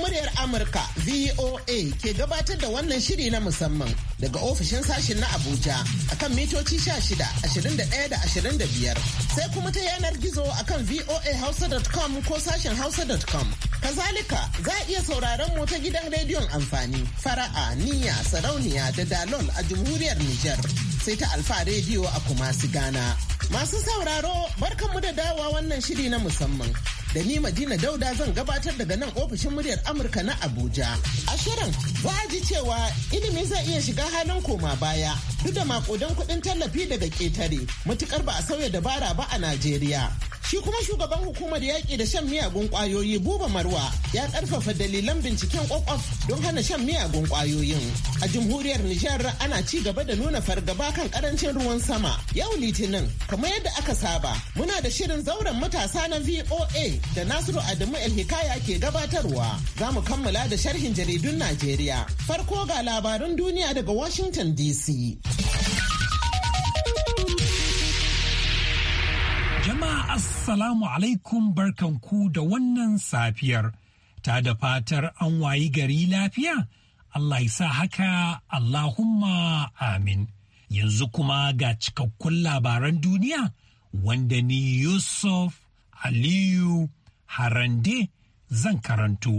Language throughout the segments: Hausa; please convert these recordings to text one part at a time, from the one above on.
muryar Amurka VOA ke gabatar da wannan shiri na musamman daga ofishin sashen na Abuja akan mitoci shida 21 da da da biyar sai kuma ta yanar gizo akan voahausa.com ko sashin hausa.com. Kazalika za a iya sauraron mu ta gidan rediyon amfani fara'a niyya sarauniya da dalol a jamhuriyar Nijar sai ta alfa rediyo a kumasi gana Masu sauraro barkanmu da dawa wannan shiri na musamman. da ni Madina Dauda zan gabatar daga nan ofishin muryar Amurka na Abuja. A shirin za a ji cewa ilimi zai iya shiga halin koma baya duk da makudan kuɗin tallafi daga ƙetare matukar ba a sauya dabara ba a Najeriya. Shi kuma shugaban hukumar yaƙi da shan miyagun ƙwayoyi Buba Marwa ya ƙarfafa dalilan binciken ƙwaƙwaf don hana shan miyagun ƙwayoyin. A jamhuriyar Nijar ana ci gaba da nuna fargaba kan ƙarancin ruwan sama. Yau Litinin, kamar yadda aka saba, muna da shirin zauren matasa na VOA da Nasiru Adamu El-Hikaya ke gabatarwa. Za mu kammala da sharhin jaridun Najeriya. Farko ga labarun duniya daga Washington DC. Assalamu alaikum barkanku da wannan safiyar, ta da fatar an wayi gari lafiya, Allah ya sa haka Allahumma amin. Yanzu kuma ga cikakkun labaran duniya wanda ni Yusuf Aliyu Harande zan karanto.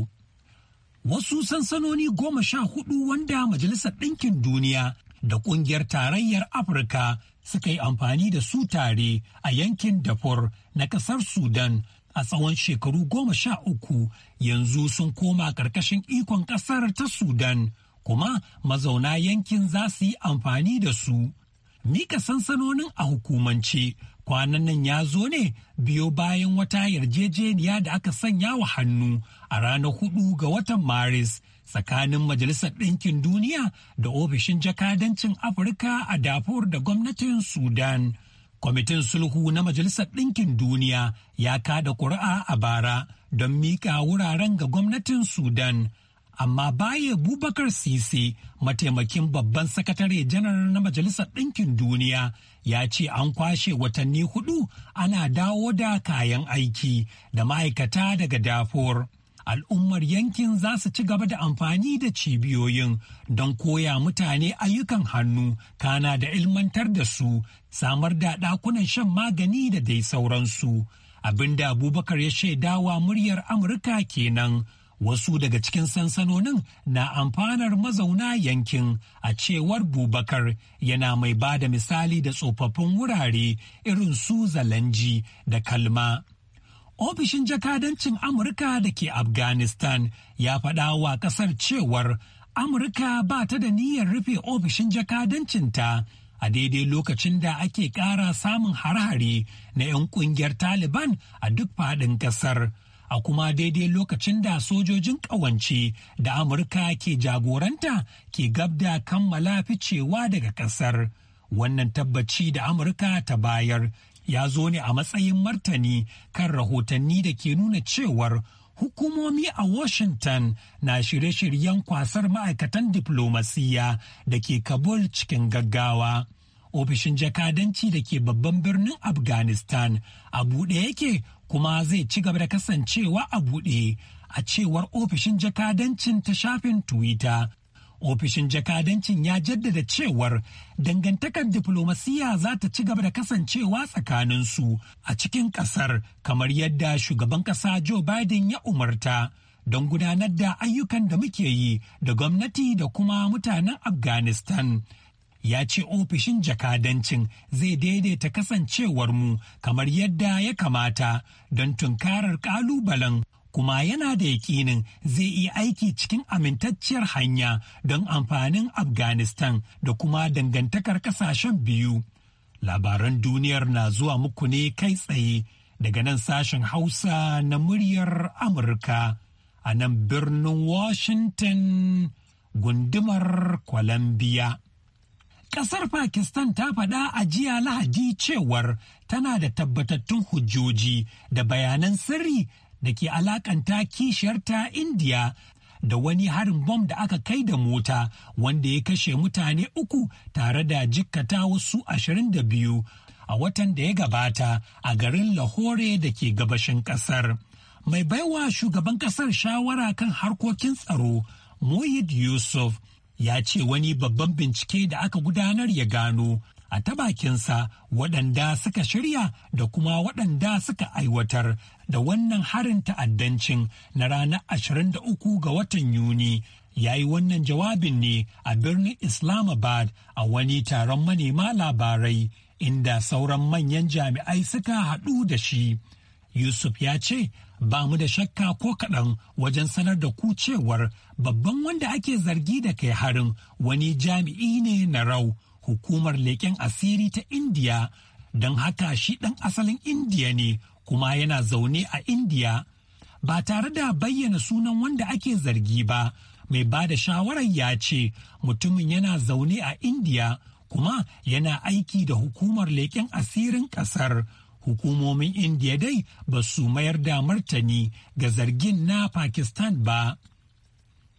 Wasu sansanoni goma sha hudu wanda Majalisar Ɗinkin Duniya da Ƙungiyar Tarayyar Afirka suka yi amfani da su tare a yankin Darfur na ƙasar Sudan a tsawon shekaru goma sha uku yanzu sun koma ƙarƙashin ikon ƙasar ta Sudan kuma mazauna yankin za su yi amfani da su. Mika sansanonin a hukumance kwanan nan ya zo ne biyo bayan wata yarjejeniya da aka sanya wa hannu a ranar hudu ga watan Maris tsakanin Majalisar Ɗinkin Duniya da ofishin jakadancin Afirka a Darfur da gwamnatin Sudan. Kwamitin sulhu na Majalisar Ɗinkin Duniya ya kada ƙuri'a a bara don miƙa wuraren ga gwamnatin Sudan. Amma baya Bubakar Sisi, mataimakin babban sakatare janar na Majalisar Ɗinkin Duniya, ya ce an kwashe watanni hudu ana dawo da kayan aiki da ma'aikata daga Darfur. al'ummar yankin za su ci gaba da amfani da cibiyoyin don koya mutane ayyukan hannu kana da ilmantar da su samar da ɗakunan shan magani da dai sauransu abinda abubakar ya shaidawa muryar amurka kenan wasu daga cikin sansanonin na amfanar mazauna yankin a cewar bubakar yana mai ba da misali da tsofaffin wurare irin su zalanji da kalma ofishin jakadancin amurka da ke afghanistan ya faɗa wa ƙasar cewar amurka ba ta da niyyar rufe ofishin jakadancinta a daidai lokacin da ake ƙara samun harhari na 'yan ƙungiyar taliban a duk faɗin ƙasar a kuma daidai lokacin da sojojin ƙawance da amurka ke jagoranta ke gab da kammala ficewa daga ƙasar. wannan tabbaci da amurka ta bayar ya zo ne a matsayin martani kan rahotanni da ke nuna cewar hukumomi a Washington na shirye-shiryen kwasar ma'aikatan diplomasiya da ke Kabul cikin gaggawa. Ofishin jakadanci da ke babban birnin Afghanistan a buɗe yake kuma zai ci gaba da kasancewa a buɗe a cewar ofishin jakadancin ta shafin Twitter ofishin jakadancin ya jaddada cewar dangantakar diflomasiyya za ta ci gaba da kasancewa tsakaninsu a cikin kasar kamar yadda shugaban kasa joe biden ya umarta don gudanar da ayyukan da muke yi da gwamnati da kuma mutanen afghanistan ya ce ofishin jakadancin zai daidaita kasancewar mu kamar yadda ya kamata don tunkarar kalubalen kuma yana da yakinin zai iya aiki cikin amintacciyar hanya don amfanin afghanistan da kuma dangantakar kasashen biyu labaran duniyar na zuwa muku ne kai tsaye daga nan sashen hausa na muryar amurka a nan birnin washington gundumar columbia Ƙasar Pakistan ta faɗa a jiya Lahadi cewar tana da tabbatattun hujjoji da bayanan sirri da ke alakanta ta indiya da wani harin bom da aka kai da mota wanda ya kashe mutane uku tare da jikkata wasu ashirin da biyu a watan da ya gabata a garin lahore da ke gabashin kasar mai baiwa shugaban kasar shawara kan harkokin tsaro Moyid Yusuf ya ce wani babban bincike da aka gudanar ya gano a ta bakinsa waɗanda suka shirya da kuma waɗanda suka aiwatar da wannan harin ta'addancin na ranar 23 ga watan Yuni ya yi wannan jawabin ne a birnin Islamabad a wani taron manema labarai inda sauran manyan jami'ai suka haɗu da shi. Yusuf ya ce ba mu da shakka ko kaɗan wajen sanar da ku cewar babban wanda ake zargi da kai harin wani jami'i ne na rau hukumar leƙen asiri ta indiya don haka shi ɗan asalin indiya ne kuma yana zaune a indiya ba tare da bayyana sunan wanda ake zargi ba mai ba da shawarar ya ce mutumin yana zaune a indiya kuma yana aiki da hukumar leƙen asirin ƙasar hukumomin indiya dai ba su mayar da martani ga zargin na pakistan ba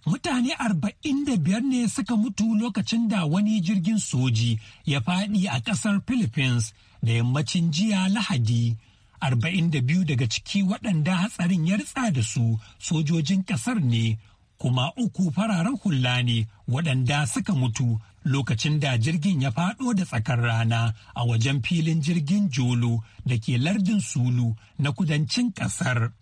mutane arba'in da biyar ne suka mutu lokacin da wani jirgin soji ya faɗi a ƙasar philippines da yammacin jiya lahadi arba'in da biyu daga ciki waɗanda hatsarin ya ritsa da su sojojin ƙasar ne kuma uku fararen hula ne waɗanda suka mutu lokacin da jirgin ya faɗo da tsakar rana a wajen filin jirgin jolo da ke lardin sulu na kudancin ƙasar.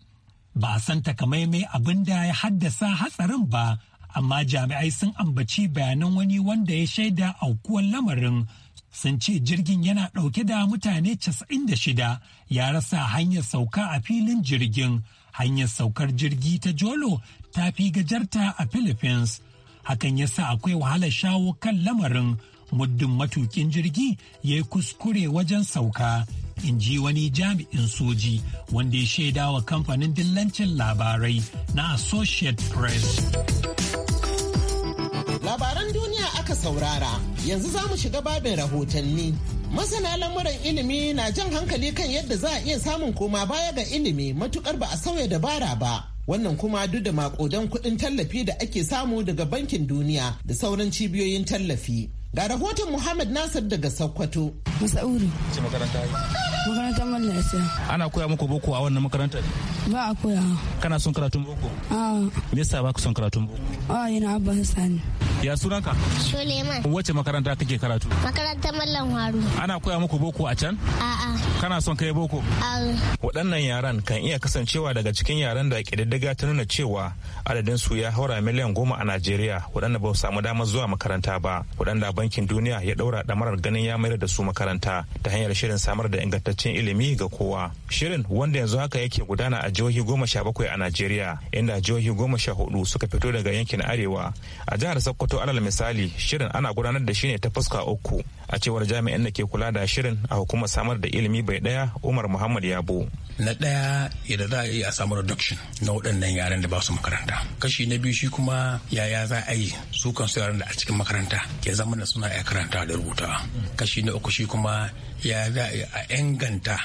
ba san takamaimai abin da ya haddasa hatsarin ba amma jami'ai sun ambaci bayanan wani wanda ya shaida aukuwar lamarin sun ce jirgin yana ɗauke da mutane 96 ya rasa hanyar sauka a filin jirgin hanyar saukar jirgi ta jolo ta fi gajarta a philippines hakan ya sa akwai wahalar shawo kan lamarin muddin matukin jirgi ya yi kuskure wajen sauka in ji wani jami'in soji wanda ya shaida wa kamfanin dillancin labarai na associate press labaran duniya aka saurara yanzu za mu shiga babin rahotanni masana lamuran ilimi na jan hankali kan yadda za a iya samun koma baya ga ilimi matukar ba a sauya dabara ba wannan kuma duk da makodan kudin tallafi da ake samu daga bankin duniya da sauran cibiyoyin tallafi da rahoton Muhammad Nasir daga Sokoto. Masauri. Ce makaranta Makarantar Mallasiya. Ana koya muku boko a wannan makarantar? Ba a koya. Kana son karatun boko? Ah. Me yasa ba ku son karatun boko? A yana abba sani. Ya sunanka? Suleiman. Wace makaranta kake karatu? Makarantar Mallam Haru. Ana koya muku boko a can? A'a. Kana son kai boko? A'a. Waɗannan yaran kan iya kasancewa daga cikin yaran da ƙididdiga ta nuna cewa adadin su ya haura miliyan goma a Najeriya waɗanda ba su samu damar zuwa makaranta ba waɗanda bankin duniya ya ɗaura ɗamarar ganin ya mayar da su makaranta ta hanyar shirin samar da ingantaccen ilimi ga kowa. Shirin wanda yanzu haka yake gudana a jihohi goma sha bakwai a Najeriya inda jihohi goma sha hudu suka fito daga yankin Arewa a jihar Sokoto Sokoto alal misali shirin ana gudanar da shi ne ta fuska uku a cewar jami'an da ke kula da shirin a hukumar samar da ilimi bai daya Umar Muhammad Yabo. Na daya yadda za a yi a samu reduction na waɗannan yaran da ba su makaranta. Kashi na biyu shi kuma yaya za a yi su kansu yaran da a cikin makaranta ya zama na suna ya karanta da rubutawa. Kashi na uku shi kuma yaya za a yi a inganta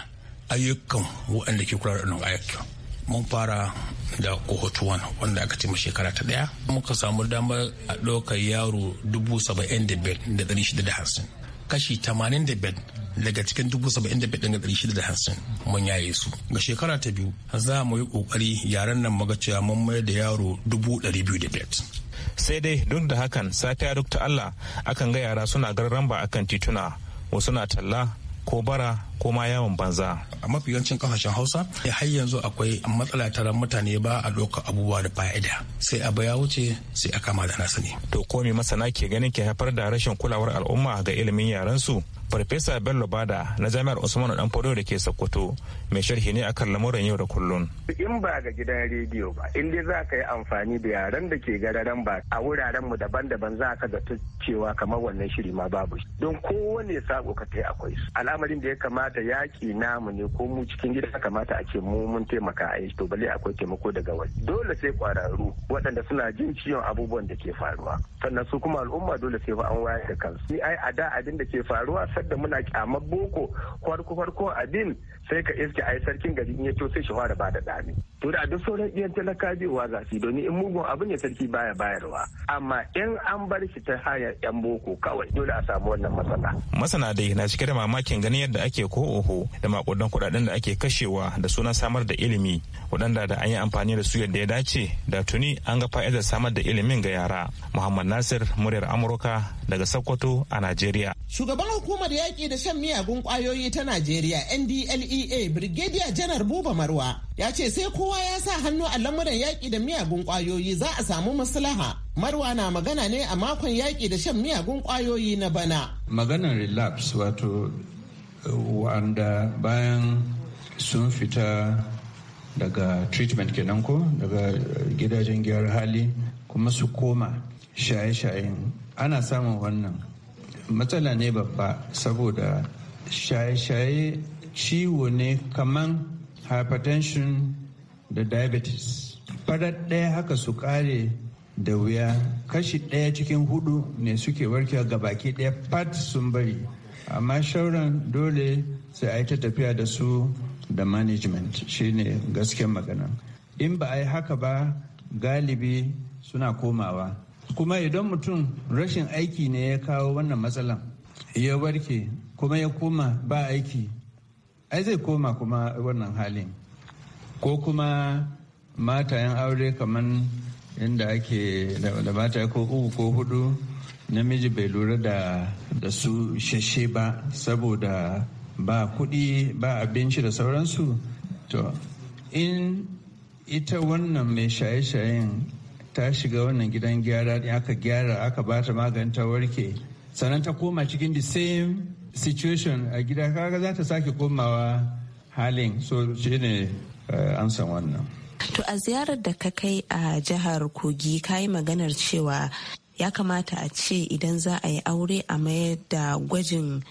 ayyukan waɗanda ke kula da ayyukan. mun fara da cohort 1 wanda aka ce mu shekara ta daya muka samu damar a ɗaukar yaro dubu saba'in da biyar da ɗari shida da hamsin kashi tamanin da biyar daga cikin dubu saba'in da biyar da ɗari shida da hamsin mun yaye su ga shekara ta biyu za mu yi ƙoƙari yaren nan muga cewa mun mayar da yaro dubu ɗari biyu da biyar sai dai duk da hakan safiya duk ta Allah akan ga yara suna garramba akan tituna wasu na talla ko bara ko ma yawon banza a mafi yawancin kasashen hausa eh, har yanzu akwai matsala tara mutane ba a doka abubuwa da fa'ida sai abu ya wuce sai a kama da nasa to ko me masana ke ganin ke haifar da rashin kulawar al'umma ga ilimin yaran su farfesa bello bada na jami'ar usman dan fado da ke sokoto mai sharhi ne akan lamuran yau da kullun in ba ga gidan rediyo ba in dai za ka yi amfani da yaren da ke gararan ba a wuraren mu daban-daban za ka ga cewa kamar wannan shiri ma babu don kowane sako ka kai akwai su al'amarin da ya kamata kamata yaƙi namu ne ko mu cikin gida kamata a ce mu mun taimaka a yi to bale akwai taimako daga waje dole sai kwararru waɗanda suna jin ciwon abubuwan da ke faruwa sannan su kuma al'umma dole sai fa an wayar da kansu ni ai a da abin da ke faruwa sadda muna kyamar boko farko farko abin sai ka iske ai sarkin gari in ya to sai shi fara ba da dami to da duk sauran iyan talaka biyowa za su domin in mugun abin ya sarki baya bayarwa amma in an bar shi ta hanyar yan boko kawai dole a samu wannan matsala masana dai na cike da mamakin ganin yadda ake ko oho da makudan kudaden da ake kashewa da suna samar da ilimi waɗanda da an yi amfani da su yadda ya dace da tuni an ga fa'idar samar da ilimin ga yara muhammad nasir muryar amurka daga sokoto a najeriya shugaban hukumar yaƙi da shan miyagun ƙwayoyi ta najeriya ndlea brigadier janar buba marwa ya ce sai kowa ya sa hannu a lamuran yaƙi da miyagun ƙwayoyi za a samu maslaha marwa na magana ne a makon yaƙi da shan miyagun ƙwayoyi na bana maganar relapse wato wanda bayan sun fita daga treatment kenan ko daga gidajen gyara hali kuma su koma shaye-shayen ana samun wannan matsala ne babba saboda shaye-shaye ciwo ne kaman hypertension da diabetes farar ɗaya haka su ƙare da wuya kashi ɗaya cikin hudu ne suke warkewa ga baki ɗaya pat sun bari amma shauran dole sai a yi ta tafiya da su da management shine gasken magana in ba a yi haka ba galibi suna komawa kuma idan mutum rashin aiki ne ya kawo wannan matsalan ya warke kuma ya koma ba aiki ai zai koma kuma wannan halin ko kuma matayen aure kamar inda ake da mata ko uku ko hudu namiji bai lura da da su shashe ba saboda ba kudi ba abinci da sauransu to in ita wannan mai shaye-shayen ta shiga wannan gidan gyara aka gyara aka ba ta magani ta warke sannan ta koma cikin the same situation a gida kaga za ta sake komawa halin so shi ne eh, amsan wannan To a ziyarar da ka kai a jihar Kogi ka yi maganar cewa ya kamata a ce idan za a yi aure a mayar da gwajin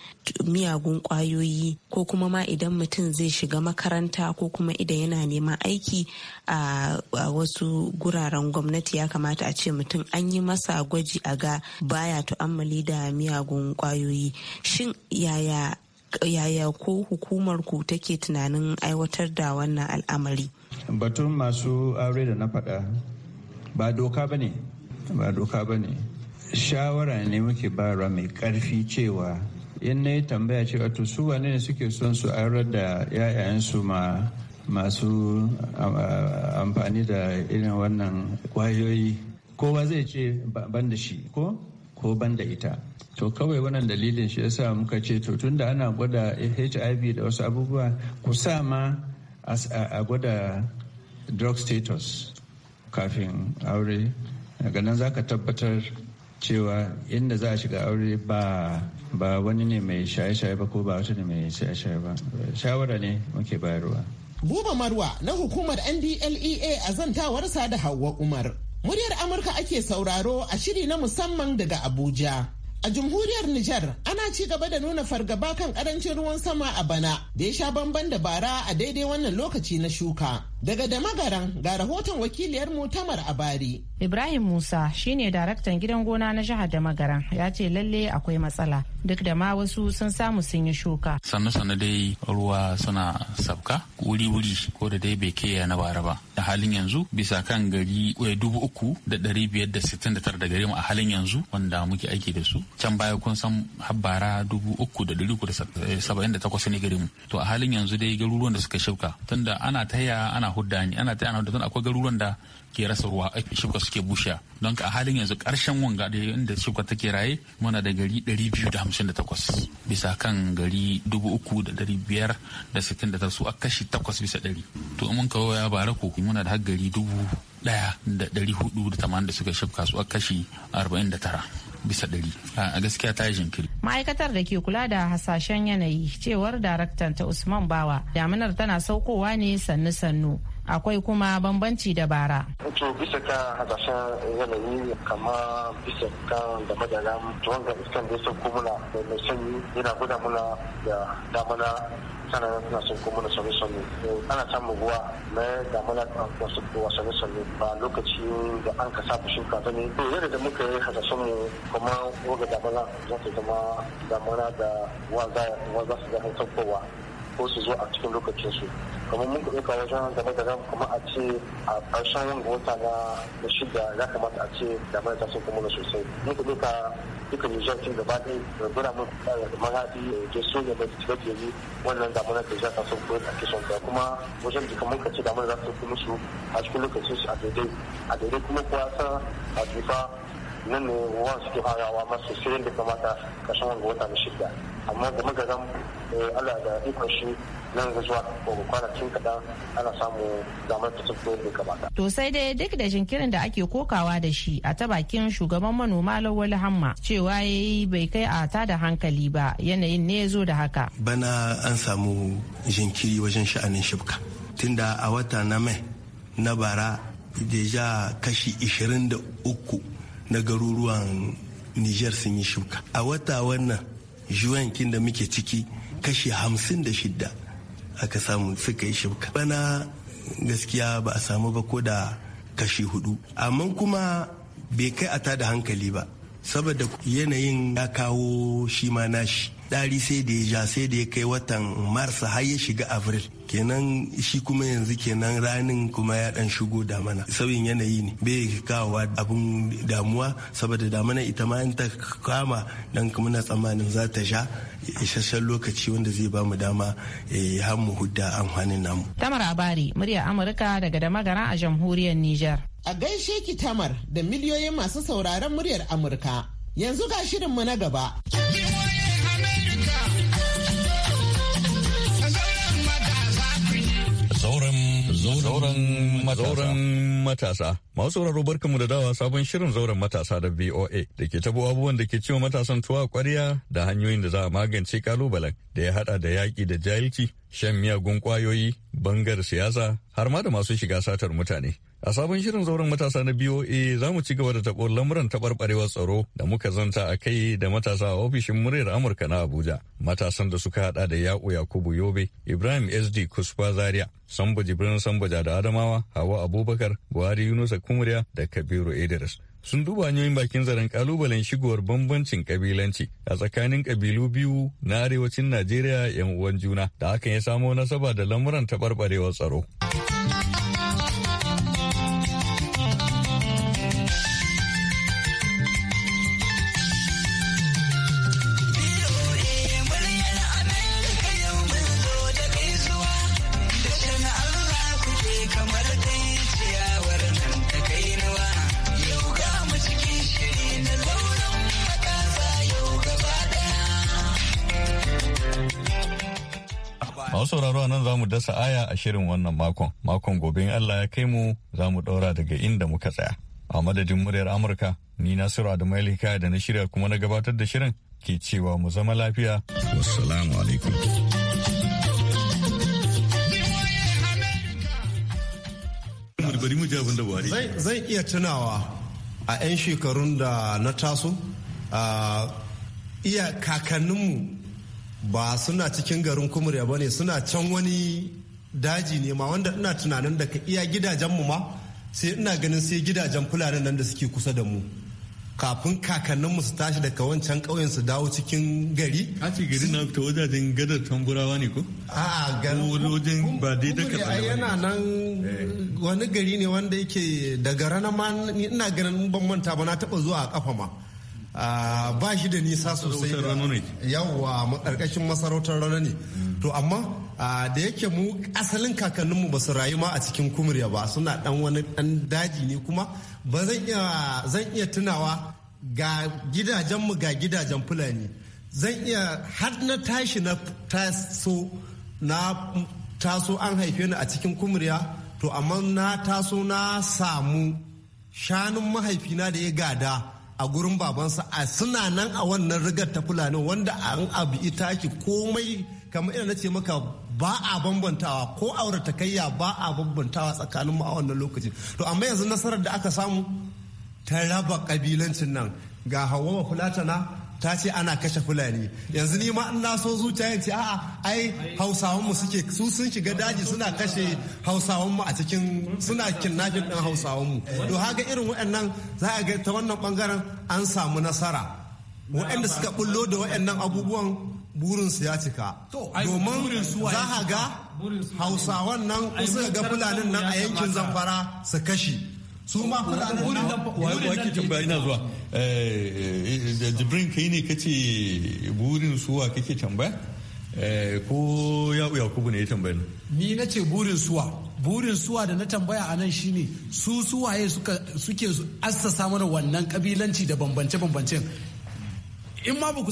miyagun kwayoyi ko kuma ma idan mutum zai shiga makaranta ko kuma idan yana neman aiki a wasu guraren gwamnati ya kamata a ce mutum an yi masa gwaji a ga baya tu'ammali da miyagun kwayoyi shin yaya yaya ko hukumar ku take tunanin aiwatar da wannan al'amari batun masu aure da na faɗa ba doka ba ne ba doka ba ne shawara ne muke bara mai karfi cewa in na yi tambaya cewa to su wane ne suke son su aurar da 'ya'yansu ma masu amfani da irin wannan kwayoyi kowa zai ce ban da shi ko ko ban da ita to kawai wannan dalilin shi yasa muka ce to tun da ana gwada hiv da wasu abubuwa ku sa ma a gwada drug status kafin aure daga nan za ka tabbatar cewa inda za a shiga aure ba ba wani ne mai shaye-shaye ba ko ba wata ne mai shaye-shaye ba shawara ne muke bayarwa buba marwa na hukumar ndlea a zantawarsa da hawa umar muryar amurka ake sauraro a shiri na musamman daga abuja A jamhuriyar Nijar ana ci gaba da nuna fargaba kan karancin ruwan sama a bana da ya sha bamban da bara a daidai wannan lokaci na shuka. Daga da magaran ga rahoton wakiliyar mutamar a Bari. Ibrahim Musa shi ne daraktan gidan gona na jihar da magaran ya ce lalle akwai matsala duk da ma wasu sun samu sun yi shuka. Sannu sannu dai ruwa suna sabka wuri wuri ko da dai bai kiyaye na bara ba. A halin yanzu bisa kan gari eh, dubu uku da ɗari biyar da sittin da tara da gari a halin yanzu wanda muke aiki da su can baya kun san habbara dubu uku da dari da eh, saba'in da takwas ne garinmu to a halin yanzu dai garuruwan da suka shauka tunda ana taya ana hudda ni ana taya ana hudda tun akwai garuruwan da ke rasa ruwa shuka suke bushe don a halin yanzu karshen wanga da inda shuka take raye muna da gari biyu da da hamsin takwas bisa kan gari dubu uku da da da biyar sittin ta su a kashi takwas bisa 100 to mun kawo ya bara ku muna da har gari dubu daya da dari hudu da da tamanin suka shafka su a kashi arba'in da tara bisa ɗari a gaskiya ta yi jinkiri. ma'aikatar da ke kula da hasashen yanayi cewar daraktan ta usman bawa daminar tana saukowa ne sannu sannu akwai kuma bambanci da bara. to bisa ka hasashen yanayi kama bisa ka da madara wanga iskan da ya kumula da mai sanyi yana guda muna da damana sanar da sauko kumula sami sami. ana samun ruwa na damana kuwa sami sami ba lokaci da an ka samu shuka ta ne to yadda da muka yi hasashen mu kuma wanga damana za ta zama damana da wa za su zama ko su zo a cikin lokacin su kamar mun kuɗi ka wajen game da ran kuma a ce a ƙarshen wanga wata na shida ya kamata a ce da mai sun kuma sosai mun kuɗi ka duka nijar tun gaba ɗaya da gura mun mahadi da su ne mai cikin jeri wannan damunar da za ta sun kuma a kishon da kuma wajen jika mun kaci damunar za ta kuma su a cikin lokacin su a daidai a daidai kuma kuwa ta a jifa nan ne wa suke farawa masu sai da kamata ƙarshen wanga wata na shida amma da muka zan eh, Allah da ikon shi nan ga zuwa kwanakin kaɗan ana samu damar ta tafiya da kamata. To sai dai duk da jinkirin da ake kokawa da shi a ta bakin shugaban manoma Lawal Hamma cewa yayi bai kai a ta da hankali ba yanayin ne ya zo da haka. Bana an samu jinkiri wajen sha'anin shibka. Tunda a wata na mai na bara deja kashi 23 na garuruwan Nijar sun yi shuka. A wata wannan juyankin da muke ciki kashi hamsin da shida aka samu suka yi shibka bana gaskiya ba a samu ba ko da kashi hudu amma kuma bai kai a tada hankali ba saboda yanayin ya kawo shi ma nashi ɗari sai da ya ja sai da ya kai watan mars har ya shiga afril kenan shi kuma yanzu kenan ranin kuma ya dan shigo damana sauyin yanayi ne bai kawowa abun damuwa saboda damana ita ma ta kama dan muna tsammanin za ta sha isasshen lokaci wanda zai ba mu dama eh, har mu hudda amfanin namu tamar abari murya amurka daga damagara a jamhuriyar niger a gaishe ki tamar da miliyoyin masu sauraron muryar amurka yanzu ga shirin mu na gaba Zauren matasa. Masu sauraro barkanmu da dawa sabon shirin zauren matasa da VOA da ke tabo abubuwan da ke cewa matasan tuwa kwarya da hanyoyin da za a magance kalubalen da ya hada da yaƙi da jahilci, shan miyagun kwayoyi, bangar siyasa, har ma da masu shiga satar mutane. A sabon shirin zauren matasa na BOA za mu ci gaba da taɓo lamuran taɓarɓarewar tsaro da muka zanta a kai da matasa a ofishin muryar Amurka na Abuja. Matasan da suka haɗa da Yaƙo Yakubu Yobe, Ibrahim SD Kusfa Zaria, Sambo Jibrin Sambaja da Adamawa, Hawa Abubakar, Buhari Yunusa kumriya da kabiru idris sun duba hanyoyin bakin zaren kalubalen shigowar bambancin kabilanci a tsakanin kabilu biyu na arewacin najeriya yan uwan juna da hakan ya samo nasaba da lamuran taɓarɓarewar tsaro. Masu sauraro nan za mu dasa aya a shirin wannan makon. Makon gobe in Allah ya kai mu za mu ɗaura daga inda muka tsaya. A madadin muryar Amurka, ni Nasiru Adamu da na shirya kuma na gabatar da shirin ke cewa mu zama lafiya. Wassalamu alaikum. Zai iya tunawa a 'yan shekarun da na taso, ah, iya kakanninmu ba suna cikin garin kumurya ba ne suna can wani daji ne ma wanda ina tunanin daga iya gidajenmu ma sai ina ganin sai gidajen fulani nan da suke kusa da mu kafin kakanninmu su tashi daga wancan ƙauyen su dawo cikin gari. A ce gari na ta wajajen gadar tamburawa ne ko? A garin wajen ba dai daga tsaye yana nan wani gari ne wanda yake daga ranar ma ina ganin ban manta ba na taɓa zuwa a kafa ma. Ah, ba shi da nisa sosai yawwa karkashin masarautar rana ne to amma ah, da yake mu asalin kakanninmu ba su rayu ma a cikin kumurya ba suna dan wani dan daji ne kuma ba zan iya zan iya tunawa ga gidajenmu ga gidajen fulani zan iya har na tashi na taso na taso an haife ni a cikin kumurya to amma na taso na samu shanun mahaifina da ya gada a gurin babansa a suna nan a wannan rigar ta fulani wanda an abu ita ki komai kamar ina ce maka ba a bambantawa ko kayya ba a bambantawa tsakanin mu a wannan lokacin to amma yanzu nasarar da aka samu ta raba kabilancin nan ga hawa fulatana ta ce ana kashe fulani yanzu ni ma ina so zuciya ce a'a ai hausawan mu suke su sun shiga daji suna kashe hausawan mu a cikin suna kinnafin din hausawan mu to haka irin waɗannan za a ga ta wannan bangaren an samu nasara waɗanda suka bullo da waɗannan abubuwan burinsu ya cika domin za a ga hausawan nan kusa ga fulanin nan a yankin zamfara su kashe su ma fulanin wurin da tambaya ina zuwa eh, eh, eh, jibrin kai ne kace burin suwa kake tambaya ko ya yakubu ne ya tambaya ni na ce burin suwa burin suwa da na tambaya a nan shine su suwaye suke assasa mana wannan kabilanci da bambance-bambancen in ma ba ku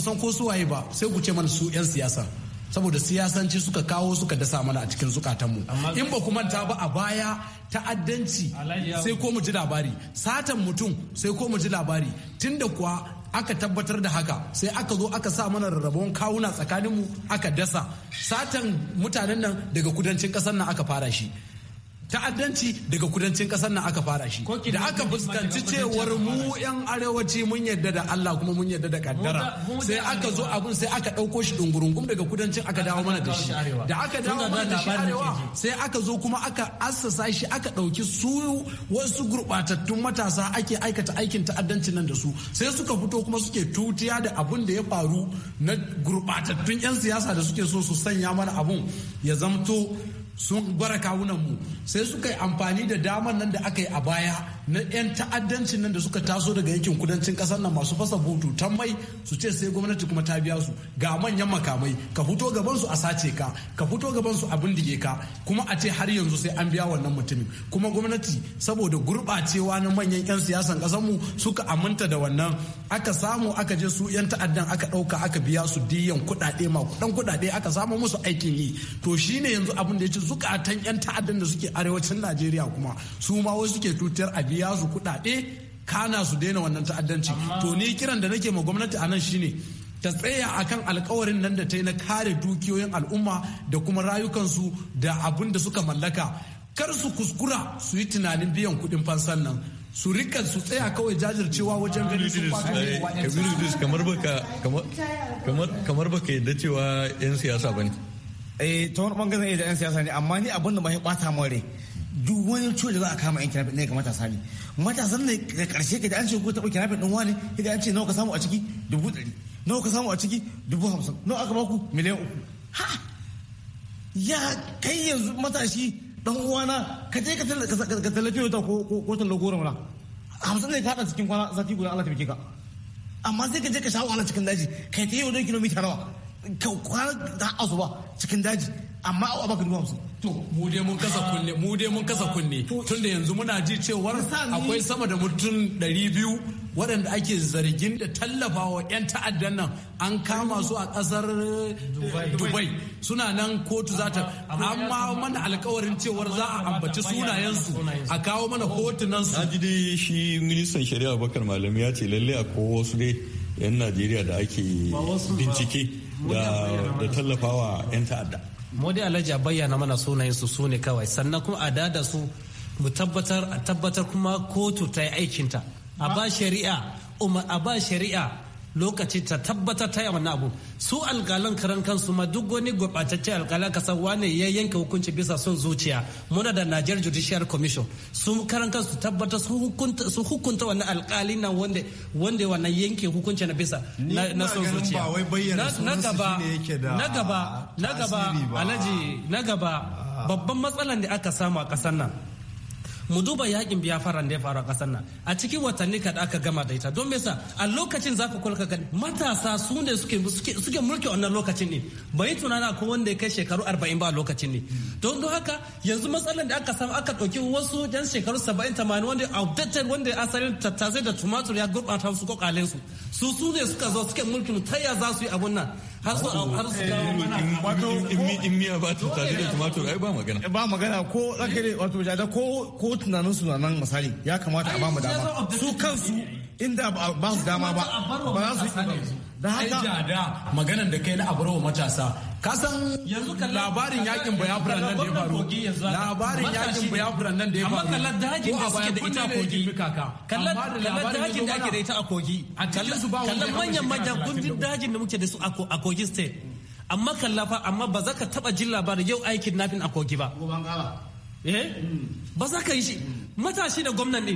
san ko suwaye ba sai ku ce mana su 'yan siyasa saboda siyasanci suka kawo suka dasa mana a cikin zukatanmu in ba kuma ta ba a baya ta'addanci sai ko mu ji labari satan mutum sai ko mu ji labari tunda kuwa aka tabbatar da haka sai aka zo aka sa mana rarrabon kawuna tsakaninmu aka dasa satan mutanen nan daga kudancin ƙasar nan aka fara shi ta'addanci daga kudancin kasar nan aka fara shi da aka fuskanci cewar mu yan arewaci mun yadda da Allah kuma mun yadda da kaddara sai aka zo abun sai aka dauko shi dungurungum daga kudancin aka dawo mana da shi da aka dawo mana da shi arewa sai aka zo kuma aka assasa shi aka dauki su wasu gurbatattun matasa ake aikata aikin ta'addanci nan da su sai suka fito kuma suke tutiya da abun da ya faru na gurbatattun yan siyasa da suke so su sanya mana abun ya zamto sun gwara kawunan mu sai suka yi amfani da daman nan da aka yi a baya na 'yan ta'addancin nan da suka taso daga yankin kudancin kasar nan masu fasa butu ta mai su ce sai gwamnati kuma ta biya su ga manyan makamai ka fito gaban su a sace ka ka fito gaban su a bindige ka kuma a ce har yanzu sai an biya wannan mutumin kuma gwamnati saboda gurɓacewa na manyan 'yan siyasan kasar mu suka aminta da wannan aka samu aka je su 'yan ta'addan aka ɗauka aka biya su diyan kuɗaɗe ma kuɗan kuɗaɗe aka samu musu aikin yi to shine yanzu abin da ya ci zukatan 'yan ta'addan da suke arewacin najeriya kuma su ma wasu suke tutiyar abi biya su kuɗaɗe kana su daina wannan ta'addanci to ni kiran da nake ma gwamnati anan shine ta tsaya akan alkawarin nan da ta yi na kare dukiyoyin al'umma da kuma rayukansu da abin da suka mallaka kar su kuskura su yi tunanin biyan kuɗin fansan nan su rika su tsaya kawai jajircewa wajen ganin su eh, kamar baka kamar baka yadda cewa yan siyasa bane eh ta wani bangaren da yan siyasa ne amma ni abin da mai kwata duk wani ciwo da za a kama yan kirafin ne ga matasa ne matasan ne da karshe ka da an ce ko taɓa kirafin ɗan wani ka an ce nawa ka samu a ciki dubu ɗari nawa ka samu a ciki dubu hamsin nawa aka baku miliyan uku ha ya kai yanzu matashi ɗan uwana ka je ka tallafi wata ko tallafi goro mana hamsin ne ka haɗa cikin kwana zafi guda Allah ta ka amma sai ka je ka sha wahala cikin daji kai ta yi wajen kilomita nawa kwanar da cikin daji amma a baka dubu hamsin. To mu dai mun kasa kunne mu dai mun kasa kunne tun da yanzu muna ji cewar akwai sama da mutum ɗari biyu waɗanda ake zargin da tallafawa wa 'yan ta'addan nan an kama su a ƙasar dubai suna nan kotu za ta amma mana alkawarin cewar za a ambaci sunayensu a kawo mana kotu hotunansu. na ji dai shi ministan shari'a bakar malami ya ce lalle a wasu dai 'yan najeriya da ake bincike da tallafawa 'yan ta'adda Modi alhaji a bayyana mana sunayen su su ne kawai sannan kuma a dada su mu tabbatar a tabbatar kuma kotu ta yi aikinta a ba shari'a a ba shari'a lokaci ta tabbatar ta yi abu su alƙalan karan kansu ma duk wani gurɓatacce alƙalan kasa wane ya yanke hukunci bisa son zuciya muna da Nigerian Judicial Commission su karan kansu tabbatar su hukunta su hukunta wannan alƙali na wanda wanda wannan yanke hukunci na bisa na son zuciya na gaba na gaba na gaba alaji ah. na gaba babban matsalan da aka samu a ƙasar nan mu duba yakin biyafaran da ya faru a kasar nan a cikin watanni kada aka gama da ita don me yasa a lokacin za zaka kula gani matasa su ne suke suke mulki wannan lokacin ne bai tunana ko wanda ya kai shekaru 40 ba lokacin ne don don haka yanzu matsalar da aka samu aka ɗauki wasu dan shekaru 70 80 wanda outdated wanda asalin tattasai da tumatur ya gurɓata su ko su su su ne suka zo suke mulkin ta ya za su yi abun nan har su har su kawo eh, in miya ba ta tare da tumatur ai ba magana eh, ba magana ko tsakare wato da ko ko tunanin su nan misali ya kamata a ba mu dama su kansu inda ba su dama ba ba za su yi da haka da maganar da kai na abarwa matasa ka san yanzu labarin yakin bayabran nan da ya faru labarin yakin bayabran nan da ya faru amma kallar dajin da suke da ita a kogi kallar dajin da ake da ita a kogi kallar manyan manyan gundun dajin da muke da su a kogi state amma kallafa amma ba za ka taba jin labarin yau aikin nafin a kogi ba eh? ba za ka yi shi mm. matashi da gwamnan ne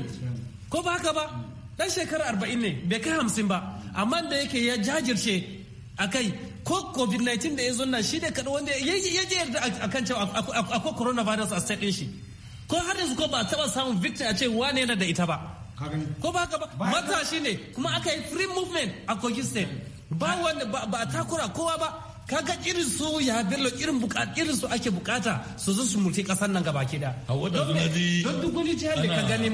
ko ba haka ba dan shekara arba'in ne bai kai hamsin ba amma da yake ya jajirce a kai ko covid-19 da ya zo na shi da kaɗa wanda ya je yarda a kan cewa akwai coronavirus a state shi ko har yanzu ko ba a taɓa samun victor a ce wane yana da ita ba ko ba haka ba matashi ne kuma aka yi free movement a kogi state ba wanda ba a takura kowa ba kaga irin so ya bello irin irin su ake bukata su zo su mulki kasar nan gabaki da don duk wani jihar da ka gani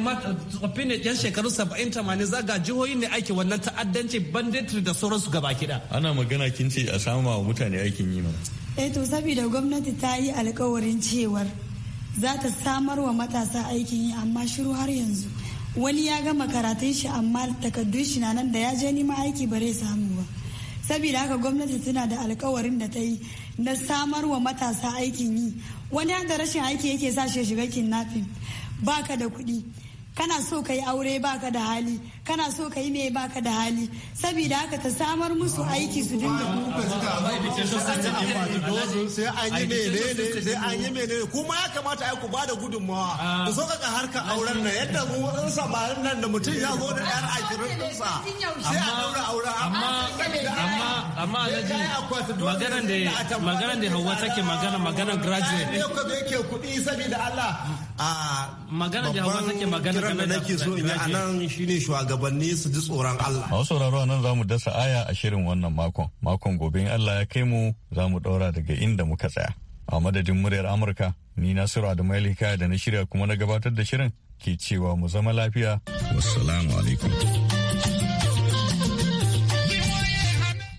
tsoffi ne yan shekaru 70 80 zaga jihohi ne ake wannan ta'addanci banditri da sauransu gabaki da ana magana kin ce a samu wa mutane aikin yi mana eh to saboda gwamnati ta yi alkawarin cewar za ta samar wa matasa aikin yi amma shiru har yanzu wani ya gama karatun shi amma takardun shi na nan da ya je nima aiki bare samu saboda haka gwamnati tana da alkawarin da ta yi na samar wa matasa aikin yi wani da rashin aiki yake sa shiga kidnapping ka da kudi kana so ka yi aure baka da hali kana so ka yi me baka da hali saboda haka ta samar musu aiki su dinga sai an yi menene sai an yi menene kuma ya kamata ai ku bada gudunmawa ah. ku so ka harka auren nan yadda mu wurin samarin nan da mutum ya zo da yar ashirin dinsa sai a daura auren amma amma amma alaji maganar da maganar da hawa take magana maganar graduate ne ko da yake kuɗi saboda Allah a magana da hawa take magana kiran da nake so in yi shine shugabanni su ji tsoron Allah. A sauraro nan za mu dasa aya a shirin wannan makon. Makon gobe in Allah ya kai mu za mu daura daga inda muka tsaya. A madadin muryar Amurka, ni Nasiru Adamu kaya da na shirya kuma na gabatar da shirin ke cewa mu zama lafiya. Wassalamu alaikum.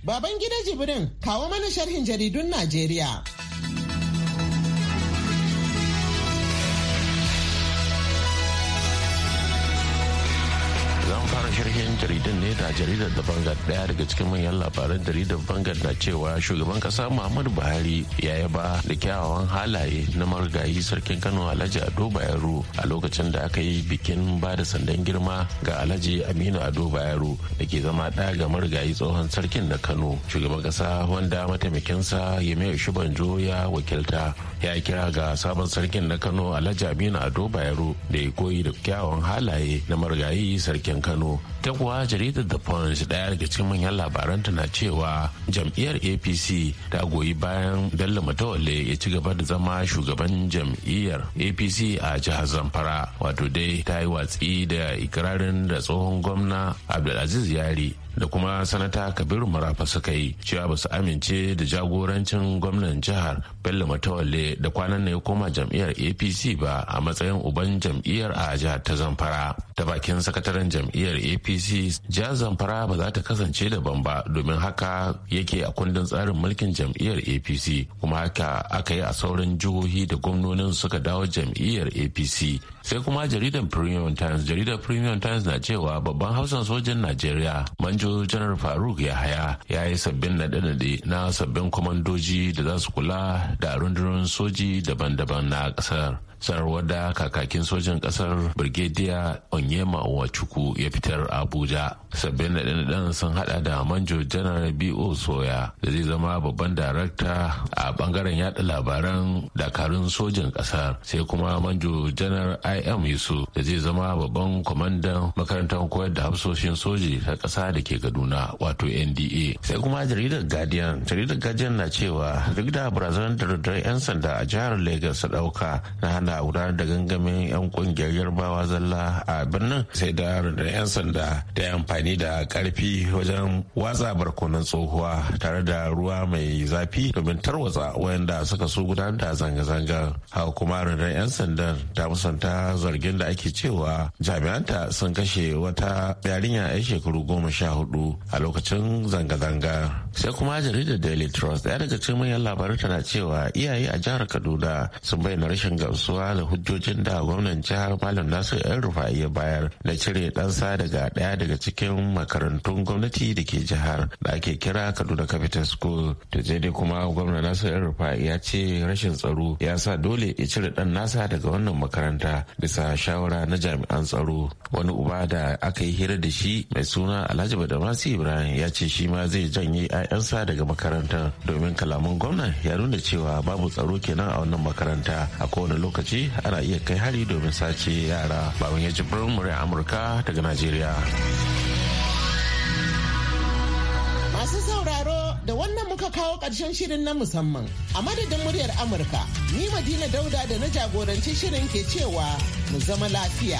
Baban gida Jibrin, kawo mana sharhin jaridun Najeriya. fara sharhin jaridan ne da jaridar da bangar daya daga cikin manyan labaran jaridar bangar na cewa shugaban kasa muhammadu buhari ya ba da kyawawan halaye na marigayi sarkin kano alhaji ado bayero a lokacin da aka yi bikin ba da sandan girma ga alhaji aminu ado bayero da ke zama ɗaya ga marigayi tsohon sarkin na kano shugaban kasa wanda mataimakinsa yamiya shubanjo ya wakilta ya kira ga sabon sarkin na kano alhaji aminu ado bayero da ya koyi da kyawawan halaye na marigayi sarkin kano kano ta kuwa jaridar the punch daya daga cikin manyan labaranta na cewa jam'iyyar apc ta goyi bayan bello matawalle ya ci gaba da zama shugaban jam'iyyar apc a jihar zamfara wato dai ta yi watsi da ikirarin da tsohon gwamna abdulaziz yari da kuma sanata kabiru marafa suka yi cewa ba su amince da jagorancin gwamnan jihar bello matawalle da kwanan na ya koma jam'iyyar apc ba a matsayin uban jam'iyyar a jihar ta zamfara ta bakin sakataren jam'iyyar apc jihar zamfara ba za ta kasance daban ba domin haka yake a kundin tsarin mulkin jam'iyyar apc kuma haka aka yi a sauran jihohi da gwamnonin suka dawo jam'iyyar apc sai kuma jaridar premium times jaridar premium times na cewa babban hausan sojan najeriya manjo janar faruk yahaya ya yi sabbin naɗe-naɗe na sabbin kwamandoji da za su kula da rundunar soji daban-daban na ƙasar sanarwar da kakakin sojin kasar birgediya onyema wachuku ya fitar abuja sabbin da sun hada da manjo janar bo soya da zai zama babban darakta a bangaren yada labaran dakarun sojin kasar sai kuma manjo janar im yusu da zai zama babban kwamandan makarantar koyar da hafsoshin soji ta ƙasa da ke kaduna wato nda sai kuma jaridar guardian jaridar guardian na cewa duk da barazanar da 'yan sanda a jihar lagos ta ɗauka na da gudanar da gangamin 'yan kungiyar yarbawa zalla a birnin sai da rundunar 'yan sanda ta yi amfani da karfi wajen watsa barkonan tsohuwa tare da ruwa mai zafi domin tarwatsa wayanda suka so gudanar da zanga-zangar haka kuma rundunar 'yan sandan ta musanta zargin da ake cewa jami'anta sun kashe wata yarinya 'yan shekaru goma sha hudu a lokacin zanga-zangar sai kuma jaridar daily trust ya daga cikin manyan labarai tana cewa iyaye a jihar kaduna sun bayyana rashin gamsuwa da hujjojin da gwamnan jihar malam nasir yan rufa'i ya bayar na cire ɗansa daga ɗaya daga cikin makarantun gwamnati da ke jihar da ake kira kaduna capital school to dai kuma gwamnan nasu yan rufa'i ya ce rashin tsaro ya sa dole ya cire ɗan nasa daga wannan makaranta bisa shawara na jami'an tsaro wani uba da aka yi hira da shi mai suna alhaji badamasi ibrahim ya ce shi ma zai janye 'ya'yansa daga makarantar domin kalaman gwamnan ya nuna cewa babu tsaro kenan a wannan makaranta a kowane lokaci ana iya kai hari domin sace yara baban ya jibrin murya amurka daga najeriya masu sauraro da wannan muka kawo ƙarshen shirin na musamman a madadin muryar amurka ni madina dauda da na jagoranci shirin ke cewa mu zama lafiya